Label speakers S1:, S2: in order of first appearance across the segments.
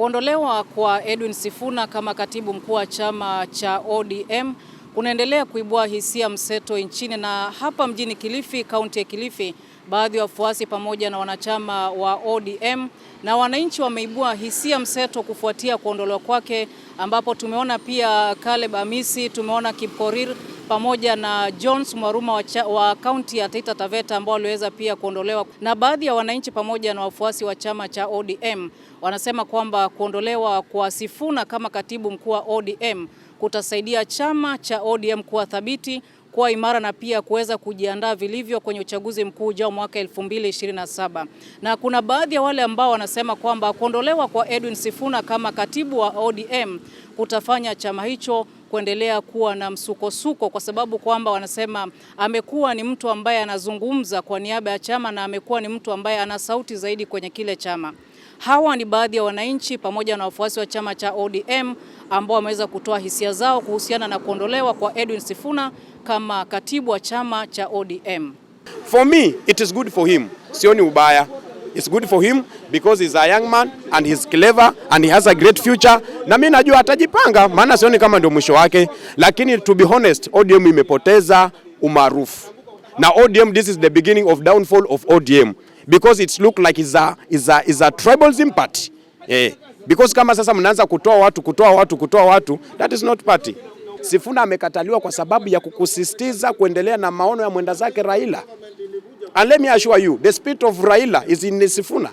S1: Kuondolewa kwa Edwin Sifuna kama katibu mkuu wa chama cha ODM unaendelea kuibua hisia mseto nchini na hapa mjini Kilifi, kaunti ya Kilifi, baadhi ya wafuasi pamoja na wanachama wa ODM na wananchi wameibua hisia mseto kufuatia kuondolewa kwake, ambapo tumeona pia Caleb Amisi, tumeona Kipkorir pamoja na Jones Mwaruma wa kaunti ya Taita Taveta ambao waliweza pia kuondolewa. Na baadhi ya wananchi pamoja na wafuasi wa chama cha ODM wanasema kwamba kuondolewa kwa Sifuna kama katibu mkuu wa ODM kutasaidia chama cha ODM kuwa thabiti, kuwa imara na pia kuweza kujiandaa vilivyo kwenye uchaguzi mkuu ujao mwaka 2027. Na kuna baadhi ya wale ambao wanasema kwamba kuondolewa kwa Edwin Sifuna kama katibu wa ODM kutafanya chama hicho kuendelea kuwa na msukosuko kwa sababu kwamba wanasema amekuwa ni mtu ambaye anazungumza kwa niaba ya chama na amekuwa ni mtu ambaye ana sauti zaidi kwenye kile chama. Hawa ni baadhi ya wananchi pamoja na wafuasi wa chama cha ODM ambao wameweza kutoa hisia zao kuhusiana na kuondolewa kwa Edwin Sifuna kama katibu wa chama cha ODM.
S2: For me, it is good for him. Sioni ubaya. It's good for him because he's a young man and he's clever and he has a great future. Na mimi najua atajipanga, maana sioni kama ndio mwisho wake, lakini to be honest, ODM imepoteza umaarufu na ODM, this is the beginning of downfall of ODM because it's look like is a, is a, is a tribalism party eh, because kama sasa mnaanza kutoa watu kutoa watu kutoa watu, that is not party. Sifuna amekataliwa kwa sababu ya kukusisitiza kuendelea na maono ya mwenda zake Raila. And let me assure you the spirit of Raila is in Sifuna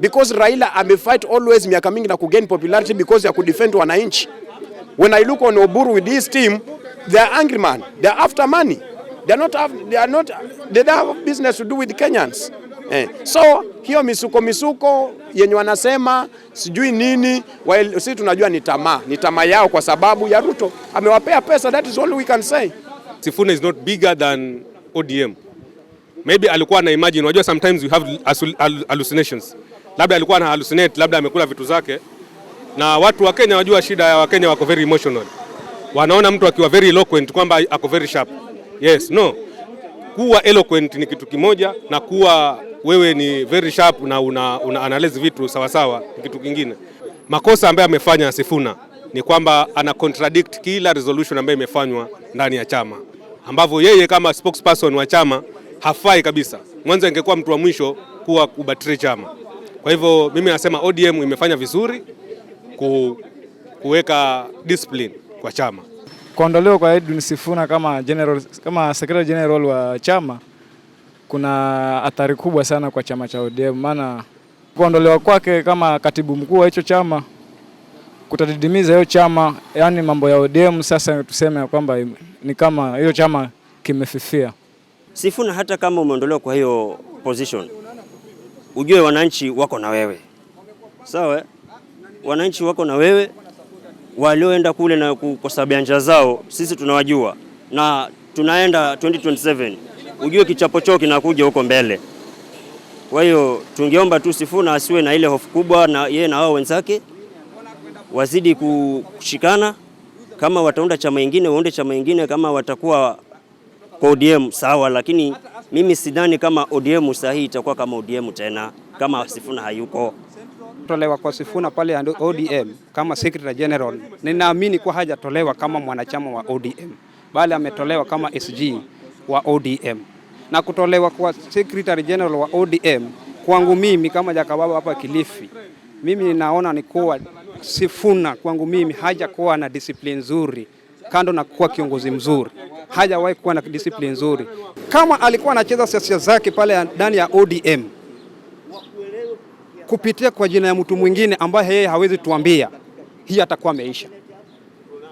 S2: because Raila amefight always miaka mingi na kugain popularity because ya kudefend wananchi. When I look on Oburu with this team, they are angry man, they are after money, they are not have, they are not they have business to do with Kenyans. Eh, so hiyo misuko misuko yenye wanasema sijui nini, sisi tunajua ni tamaa, ni tamaa yao kwa sababu ya Ruto amewapea pesa. That is all we can say.
S3: Sifuna is not bigger than ODM. Maybe alikuwa na imagine, unajua sometimes we have hallucinations. Labda alikuwa na hallucinate, labda amekula vitu zake. Na watu wa Kenya wajua shida ya Wakenya wako very emotional. Wanaona mtu akiwa very eloquent kwamba ako very sharp. Yes, no. Kuwa eloquent ni kitu kimoja na kuwa wewe ni very sharp na una, una analyze vitu sawasawa. Kitu kingine makosa ambayo amefanya Sifuna ni kwamba ana contradict kila resolution ambayo imefanywa ndani ya chama, ambavyo yeye kama spokesperson wa chama hafai kabisa. Mwanzo angekuwa mtu wa mwisho kuwa kubatiri chama. Kwa hivyo mimi nasema ODM imefanya vizuri ku, kuweka discipline kwa chama.
S4: Kuondolewa kwa Edwin Sifuna kama general, kama secretary general wa chama kuna athari kubwa sana kwa chama cha ODM, maana kuondolewa kwake kama katibu mkuu wa hicho chama kutadidimiza hiyo chama, yaani mambo ya ODM sasa tuseme kwamba ni kama hiyo chama kimefifia.
S5: Sifuna, hata kama umeondolewa kwa hiyo position, ujue wananchi wako na wewe, sawa? Wananchi wako na wewe, walioenda kule na kukosa bianja njia zao, sisi tunawajua na tunaenda 2027 ujue kichapo chao kinakuja huko mbele. Kwa hiyo tungeomba tu Sifuna asiwe na ile hofu kubwa, na yeye na wao wenzake wazidi kushikana. Kama wataunda chama ingine waunde chama ingine, kama watakuwa kwa ODM sawa, lakini mimi sidhani kama ODM sahihi itakuwa kama ODM tena kama Sifuna hayuko
S6: tolewa kwa Sifuna pale ODM kama Secretary General, ninaamini kwa hajatolewa kama mwanachama wa ODM, bali ametolewa kama SG wa ODM na kutolewa kwa Secretary General wa ODM kwangu mimi kama jakababa hapa Kilifi, mimi ninaona ni kuwa Sifuna kwangu mimi hajakuwa na discipline nzuri, kando na kuwa kiongozi mzuri, hajawahi kuwa na discipline nzuri. Kama alikuwa anacheza siasa zake pale ndani ya ODM kupitia kwa jina ya mtu mwingine ambaye yeye hawezi tuambia, hii atakuwa ameisha.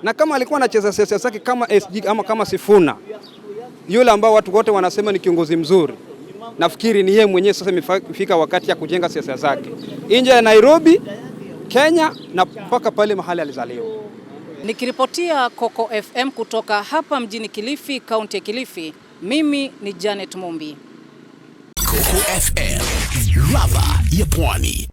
S6: Na kama alikuwa anacheza siasa zake kama SG ama kama Sifuna yule ambao watu wote wanasema ni kiongozi mzuri, nafikiri ni yeye mwenyewe. Sasa imefika wakati ya kujenga siasa zake nje ya Nairobi, Kenya na mpaka pale mahali alizaliwa.
S1: Nikiripotia Coco FM kutoka hapa mjini Kilifi, kaunti ya Kilifi, mimi ni Janet Mumbi, Coco FM, ladha ya Pwani.